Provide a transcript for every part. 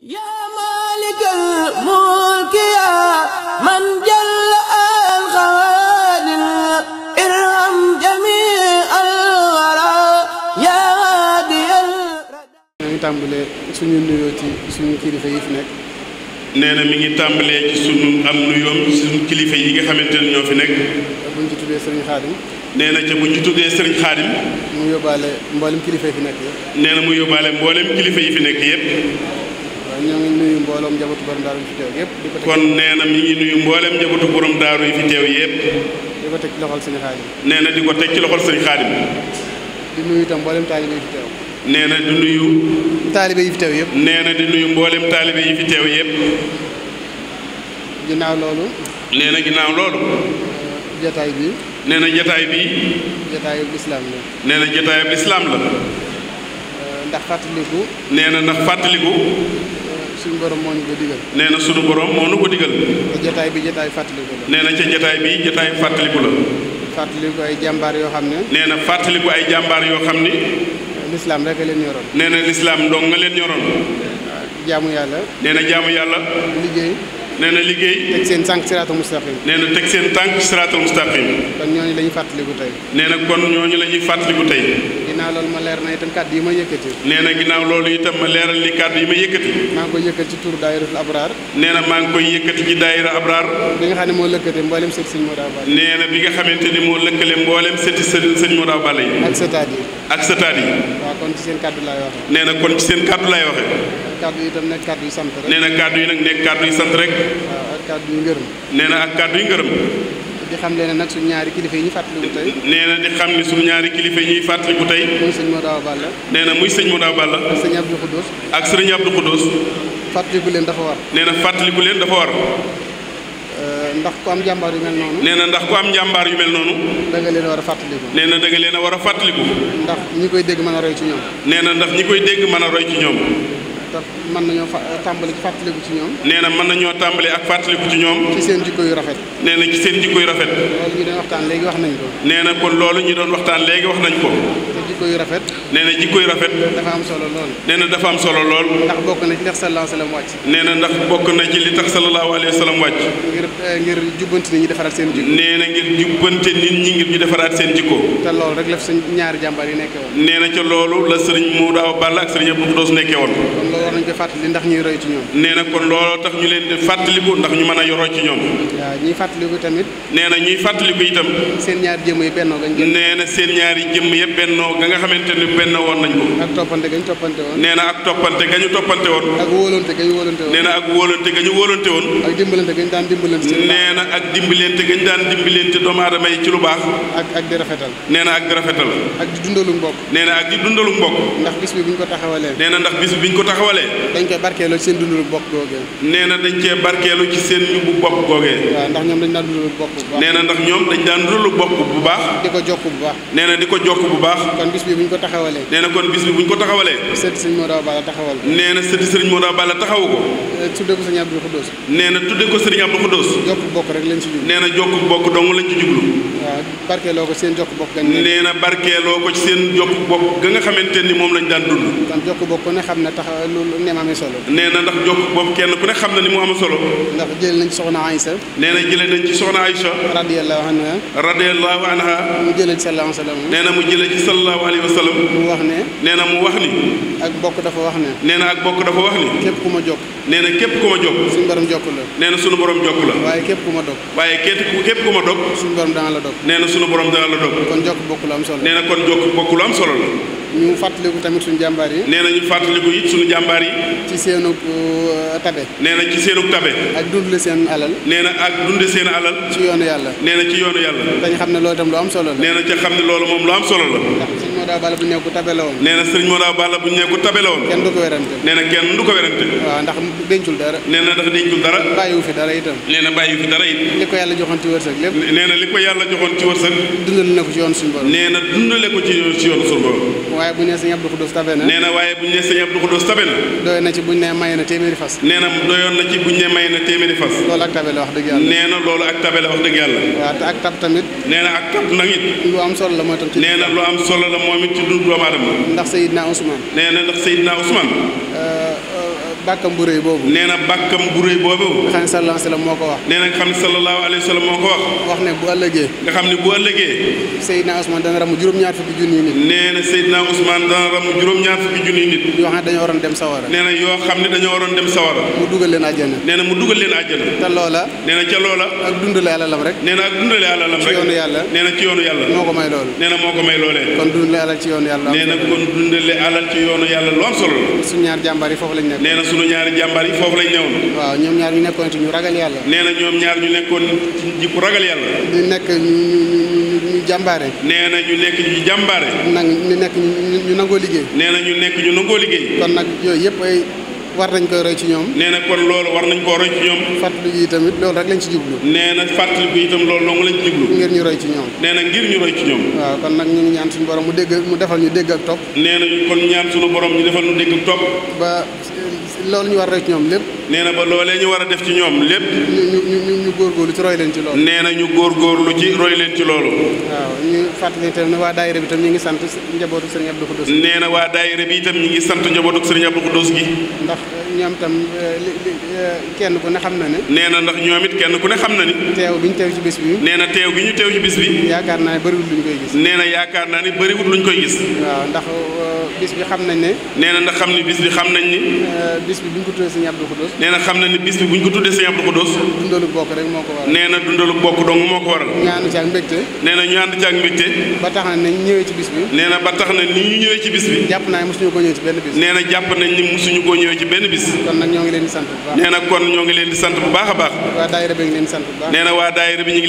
yaa maalikal mulki yaa man jàll al xawaadir irham jamii al waraa yaa haadiyal radaa mi ngi tàmbalee suñu nuyoo ci suñu kilifa yi fi nekk nee na mi ngi tàmbalee ci suñu am nuyoom suñu kilifa yi nga xamante ne ñoo fi nekk buñ ci tuddee sëriñ xaadim nee na ca buñ ci sëriñ xaadim mu yóbbaale mboolem kilifa yi fi nekk yëpp nee na mu yóbbaale mboolem kilifa yi fi nekk yépp kon ñoo ngi nuyu mbooloom njabootu borom daaru yi fi teew yëpp. kon nee na mi ngi nuyu mbooleem njabootu borom daaru yi fi teew yëpp. di ko teg ci loxol sëñ Xaadim. nee na di ko teg ci loxol sëñ Xaadim. di nuyu itam mboolem taalibe yi fi teew. nee na di nuyu. taalibe yi fi yëpp. nee na di nuyu mboolem taalibe yi fi teew yëpp. ginnaaw loolu. nee na ginnaaw loolu. jataay bi. nee na jataay bi. jataayub lislaam nee na jataayub lislaam la. ndax fàttaliku. nee na ndax fàttaliku. suñu borom moo ñu ko digal. nee na suñu borom moo ñu ko digal. te jotaay bi jotaay fàttaliku la. nee na ca jotaay bi jotaay fàttaliku la. fàttaliku ay jàmbaar yoo xam ne. nee na fàttaliku ay jàmbaar yoo xam ne lislaam rek a leen ñoroon. nee na lislaam dong nga leen ñoroon. jaamu yàlla. nee na jaamu yàlla. liggéey. nee na liggéey. teg seen tànk siraatul mustaqim. nee na teg seen tànk siraatul mustaqim. kon ñooñu la ñuy fàttaliku tey. nee na kon ñooñu la ñuy fàttaliku tey. ginnaaw loolu ma leer na itam kàddu yi ma na ginnaaw loolu itam ma leeral li kàddu yi ma yëkkati maa ngi koy yëkkati ci maa ngi koy yëkkati ci bi nga xam ne moo lëkkate mboolem sëti sëñ Modou Awa Balla nee na nga xamante ni moo lëkkale mboolem sëti sëñ Modou Awa Balla yi ak sëtaat yi ak sëtaat yi waaw kon ci seen kàddu laay waxe nee na kon ci seen kàddu laay waxe kàddu yi itam nekk kàddu yi sant rek nee na kàddu yi nag nekk kàddu yi sant rek waaw ak kàddu yi ngërëm nee na ak kàddu yi ngërëm di xam leen nag suñu ñaari kilifa yi ñuy fàttaliku tey. nee na di xam ne suñu ñaari kilifa yi ñuy fàttaliku tey. muy sëñ Modaw Balla. nee na muy sëñ Modaw Balla. ak sëñ Abdou Khoudous. ak sëñ Abdou Khoudous. fàttaliku leen dafa war. nee na fàttaliku leen dafa war. Euh, ndax ku am jàmbaar yu mel noonu. nee ndax ku am jàmbaar yu mel noonu. da nga leen a war a fàttaliku. nee na leen a war a fàttaliku. ndax ñi koy dégg mën a roy ci ñoom. nee na ndax ñi koy dégg mën a roy ci ñoom. te mën nañoo fa tàmbali fàttaliku ci ñoom. nee na mën nañoo tàmbali ak fàttaliku ci ñoom. ci seen jikko yu rafet. nee na ci seen jikko yu rafet. loolu ñu doon waxtaan léegi wax nañ ko. nee na kon loolu ñu doon waxtaan léegi wax nañ ko. jikko rafet nee na jikko yu dafa am solo lool nee na dafa am solo lool ndax bokk na ci li tax sallallahu nee na ndax bokk na ci li tax sallallahu alayhi wa sallam wàcc ngir eh, ngir jubbante nit ñi defaraat seen jikko nee na ngir jubbante nit ñi ngir ñu defaraat seen jikko te loolu rek la fi suñ ñaari jàmbaar yi nekkee woon nee na ca loolu la sëriñ Modou Awa Balla ak sëriñ Abdou Khoudoss nekkee woon kon loolu war nañ ko fàttali ndax ñuy roy nee na kon loolu tax ñu leen di fàttaliku ndax ñu mën a roy ci ñoom waaw ñuy fàttaliku tamit nee na ñuy fàttaliku itam seen ñaari jëmm yi bennoo lañ nee na seen ñaari jëmm yëpp bennoo ga nga xamante ni benn woon nañ ko. ak toppante gañ toppante woon. nee na ak toppante gañu toppante woon. ak wóolante gañu wóolante woon. nee na ak wóolante gañu wóolante woon. ak dimbalante gañ daan dimbalante. nee na ak dimbalante gañ daan dimbalante doomu aadama yi ci lu baax. ak ak di rafetal. nee na ak di rafetal. ak di dundalu mbokk. nee na ak di dundalu mbokk. ndax bis bi biñ ko taxawalee. nee na ndax bis bi biñ ko taxawalee. dañ koy barkeelu ci seen dundalu mbokk googee. nee na dañ cee barkeelu ci seen ñubu bopp googee. waaw ndax ñoom dañ daan dundalu mbokk bu baax. nee na ndax ñoom dañ daan dundalu mbokk bu baax. di ko jokk bu baax. nee na di ko jokk bu baax bis bi bu ñu ko taxawalee. nee na kon bis bi bu ñu ko taxawalee. sëti sëriñ Modou Awa Balla taxawal ko. nee na sëti sëriñ Modou Awa taxawu ko. Eh, tudde ko sëriñ Abdou Khoudous. nee na tudde ko sëriñ Abdou Khoudous. jokk rek lañ ci jublu. nee na jokk bokk dong lañ ci jublu. waaw barkeeloo ko seen jokk bokk. nee na barkeeloo ko ci seen jokk bokk ga nga ni moom lañ daan dund. kon jokk bokk ku ne xam ne tax lu ne ma amee solo. nee na ndax jokk bokk kenn ku ne xam na ni mu solo. ndax jëlee nañ ci soxna Aïcha. nee na jëlee nañ ci soxna Aïcha. radiyallahu anha. radiyallahu anha. mu jëlee ci sallallahu alayhi wa nee na mu jëlee ci sallallahu alayhi wa sallam. mu wax ne. nee na mu wax ni. ak bokk dafa wax ne. nee na ak bokk dafa wax ni. képp ku ma jokk. nee na képp ku ma jokk. suñu borom jokk la. nee suñu borom jokk la. waaye képp ku ma dog. waaye képp ku ma dog. suñu borom dana la dog. nee na sunu borom dana la dog kon jokk bokk lu am solo nee na kon jokk bokk lu am solo la ñu fàttaliku tamit suñu jàmbaar yi nee na ñu fàttaliku it suñu jàmbaar yi ci seenug euh, tabe nee na ci seenu tabe ak dundle seen alal nee na ak dunde seen alal ci yoonu yàlla nee na ci yoonu yàlla dañ xam ne loolu tam lu am solo la nee ca xam ne loolu moom lu am solo la Moda Balla bu ñu ne ku tabe la woon nee na sëriñ Moda Balla bu ñu ne ku tabe la woon kenn du li ko yàlla joxoon ci wërsëg lépp nee li ko yàlla joxoon ci wërsëg dundal na waaye bu ñu nee na waaye bu ñu tabe na doy na ci bu ne may na téeméeri fas nee na na ci bu ne may na téeméeri fas loolu ak tabe la wax dëgg yàlla nee loolu ak tabe la wax dëgg yàlla waaw ak tab tamit nee ak tab nag it lu am solo la mooy tam nee na lu am solo la mooy moom it ci dund doomu aadama. ndax Seydina Ousmane. nee na ndax Seydina Ousmane. bàkkam bu boobu nga xam ne sallallahu alayhi wa sallam moo ko wax nee na nga xam ne sallallahu alayhi moo ko wax wax nga xam ne bu ëllëgee moo ko may loolu nee moo ko may loolee kon dundale alal ci yoonu yàlla nee na la suñu ñaar jàmbaar yi foofu lañ nekk sunu ñaari jàmbaar yi foofu lañ newoon. waaw ñoom ñaar ñu nekkoon ci ñu ragal yàlla. nee na ñoom ñaar ñu nekkoon ci jikku ragal yàlla. ñu nekk ñu ñu ñu jàmbaare. nee na ñu nekk ñu jàmbaare. nag ñu nekk ñu nangoo liggéey. nee na ñu nekk ñu nangoo liggéey. kon nag yooyu war nañ koy roy ci ñoom nee na kon loolu war nañ koo roy ci ñoom fàttali yi tamit loolu rek lañ ci jublu nee na fàttali ko itam loolu dong lañ ci jublu ngir ñu roy ci ñoom nee na ngir ñu roy ci ñoom waaw kon nag ñu ngi ñaan suñu borom mu dégg mu defal ñu dégg ak topp nee na kon ñaan suñu borom ñu defal ñu dégg ak topp ba loolu ñu war roy ci ñoom lépp nee na ba loolee ñu war a def ci ñoom lépp. ñu ñu ñu góorgóorlu ci roy leen ci loolu. nee na ñu góorgóorlu ci roy leen ci loolu. waaw ñu fàttali itam ne waa daayira bi tam ñi ngi sant njabootu Serigne Abdou Khoudous. nee na waa daayira bi itam ñu ngi sant njabootu Serigne Abdou Khoudous gi. ndax ñoom itam eh, eh, kenn ku ne xam na ne. nee na ndax ñoom it kenn ku ne xam na ni. teew bi ñu teew ci bis bi. nee na teew bi ñu teew ci bis bi. yaakaar naa ne bëriwul luñ koy gis. nee na yaakaar naa ne bëriwul luñ koy gis. waaw ndax. bis bi xam nañ ne. nee na ndax xam ni bis bi xam nañ ni. Euh, bis bi bu ñu ko tuddee sëñ Abdou Khoudoss. nee na xam na ni bis bi bu ñu ko tuddee sëñ Abdou Khoudoss. moo ko waral. nee na dundalu bokk dong moo ko waral. nee na ñu ànd ci ak mbégte. ba ni ci bis bi. nee na ba tax na ni ñu ñëwee ci bis bi. jàpp naa ne ko ñëwee ci benn nee na jàpp nañ ni mosuñu ko ñëwee ci benn bis. kon nag ñoo ngi leen di sant ñoo ngi leen di sant bu baax a baax. waa daayira ñu ngi leen di sant bu baax. nee na waa daayira bi ñu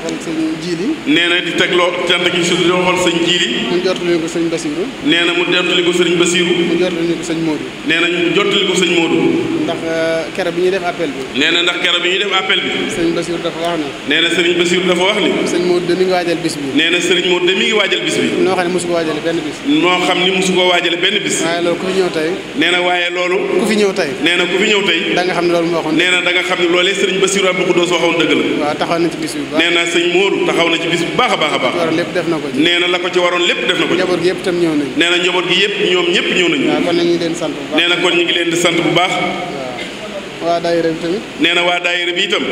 loxol sëñ jiili. na di teg loo cant gi ci lii. mu jottali ko sëñ Basiiru. nee na mu jottali ko sëñ Basiiru. mu jottali ko sëñ Modou. nee na mu jottali ko sëñ Modou. ndax keroog bi ñuy def appel bi. nee na ndax keroog bi ñuy def appel bi. sëñ Basiiru dafa wax ne. nee na sëriñ Basiiru dafa wax ni. sëñ Modou de mi ngi waajal bis bi. nee na sëriñ Modou de mi ngi waajal bis bi. noo xam ne mosu ko waajale benn bis. noo xam ni mosu ko waajale benn bis. waaye loolu ku fi ñëw tey. nee na waaye loolu. ku fi ñëw tey. nee na ku fi ñëw tey. da nga xam ne loolu moo waxoon. nee na da nga xam ne loolee sëriñ Basiiru Abdou Khoudoss waxoon dëgg la. waaw taxaw na ci bis bi bu baax. nee na sëñ Modou taxaw na ci bis bu baax a baax a baax. nee na la ko ci waroon lépp def na ko. njaboot gi yëpp tam ñëw nañu. nee na njaboot gi yëpp ñoom ñëpp ñëw nañu. waaw kon nag ñu leen sant bu baax. nee na kon ñu ngi leen sant bu baax. waa daayira bi tamit. nee na waa daayira bi itam.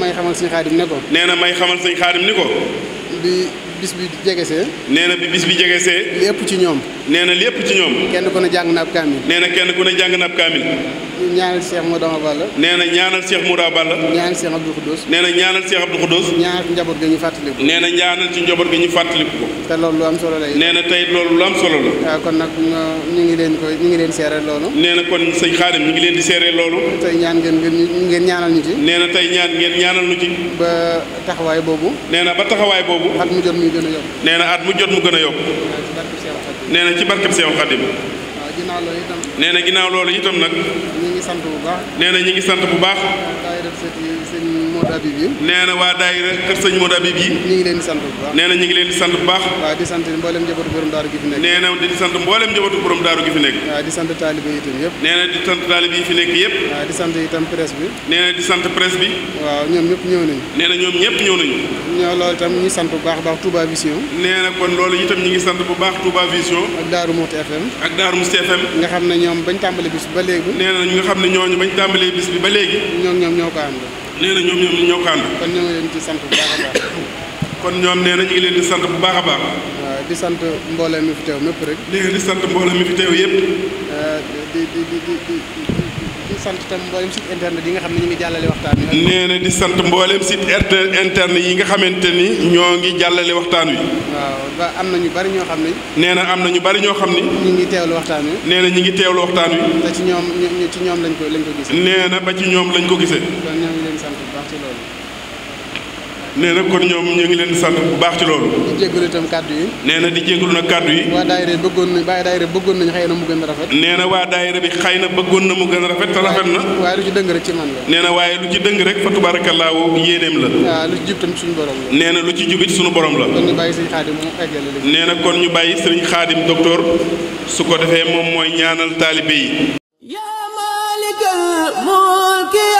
may xamal sëñ xaadim ne ko. nee na may xamal sëñ xaadim ni ko. bi bis bi jegesee nee na bi bis bi jegesee li ëpp ci ñoom nee na li ci ñoom kenn ku ne jàng naab kaamil nee na kenn ku ne jàng naab kaamil ñaanal Cheikh Moudama Balla nee na ñaanal Cheikh Moudama Balla ñaanal Cheikh Abdou Khoudous nee na ñaanal Cheikh Abdou Khoudous ñaanal ci njaboot gi ñu fàttaliku nee na ñaanal ci njaboot gi ñu fàttaliku ko te loolu lu am solo la nee na tey loolu lu am solo kon nag ñu ngi leen ñu ngi leen seere loolu nee na kon sëñ Xaadim ñu ngi leen di seere loolu tey ñaan ngeen ngeen ñaanal ñu ci nee na tey ñaan ngeen ñaanal ñu ci ba taxawaay boobu nee ba taxawaay boobu at mu jot gën nee na at mu jot mu gën a yokk nee na ci barkeb Seexul Xadim nee na ginnaaw loolu itam nag nee na ñi ngi sant bu baax def sëñ Modou Habib yi. nee waa daayira kër sëñ Modou Habib yi. ñu ngi leen di sant bu baax nee ñu ngi leen di sant bu baax. waaw di sant mboolem sant mboolem njabootu borom daaru gi fi nekk. yi itam yëpp. nee sant ñëpp ñëw nañu. nee na ñoom ñëpp ñëw nañu. ñoo loolu itam ñu sant bu baax baax Touba Vision. nee na kon loolu itam ñu ngi sant bu baax Touba Vision. ak Darou Mouhty FM. ak Darou Mouhty FM. nga xam ne ñoom bañ tàmbalee bis ba léegi. nee ñu nga xam ne ñooñu bañ tàmbalee bis bi ba léegi. ñoom ñoom ñoo ko ànd. nee na ñoom ñoom ñoo ko ànd. kon di sant kon ñoom nee na ñu ngi leen di sant bu baax a baax. waaw di sant mboolem mi fi teew mépp rek. nee di sant mboolem mi fi teew yëpp. Euh, di di di. di sant itam mboolem site internet yi nga xam ne ñu ngi jàllale waxtaan wi. nee na di sant mboolem site internet yi nga xamante ni ñoo ngi jàllale waxtaan wi. waaw ba am na ñu bari ñoo xam ne. nee na am na ñu bari ñoo xam ni. ñu ngi teewlu waxtaan wi. nee ñu ngi teewlu waxtaan wi. te ci ñoom ci ñoom lañ ko lañ ko gisee. nee na ba ci ñoom lañ ko gisee. kon ñoo ngi nee na kon ñoom ñu ngi leen sant bu baax ci loolu. di jégalu na di jégalu nag kàddu yi. waa daayira bëggoon nañ waa daayira bëggoon nañ xëy na mu gën a rafet. nee na waa daayira bi xëy na bëggoon na mu gën a rafet te rafet na. waaye lu ci dëng rek ci man la. nee na waaye lu ci dëng rek fa tubaarakallaahu yéeneem la. waaw lu ci jub tamit suñu borom la. nee na lu ci jubit suñu borom la. kon ñu bàyyi mu eggale léegi. nee kon ñu bàyyi sëriñ xaadim docteur su ko defee moom mooy ñaanal taalibe yi. yaa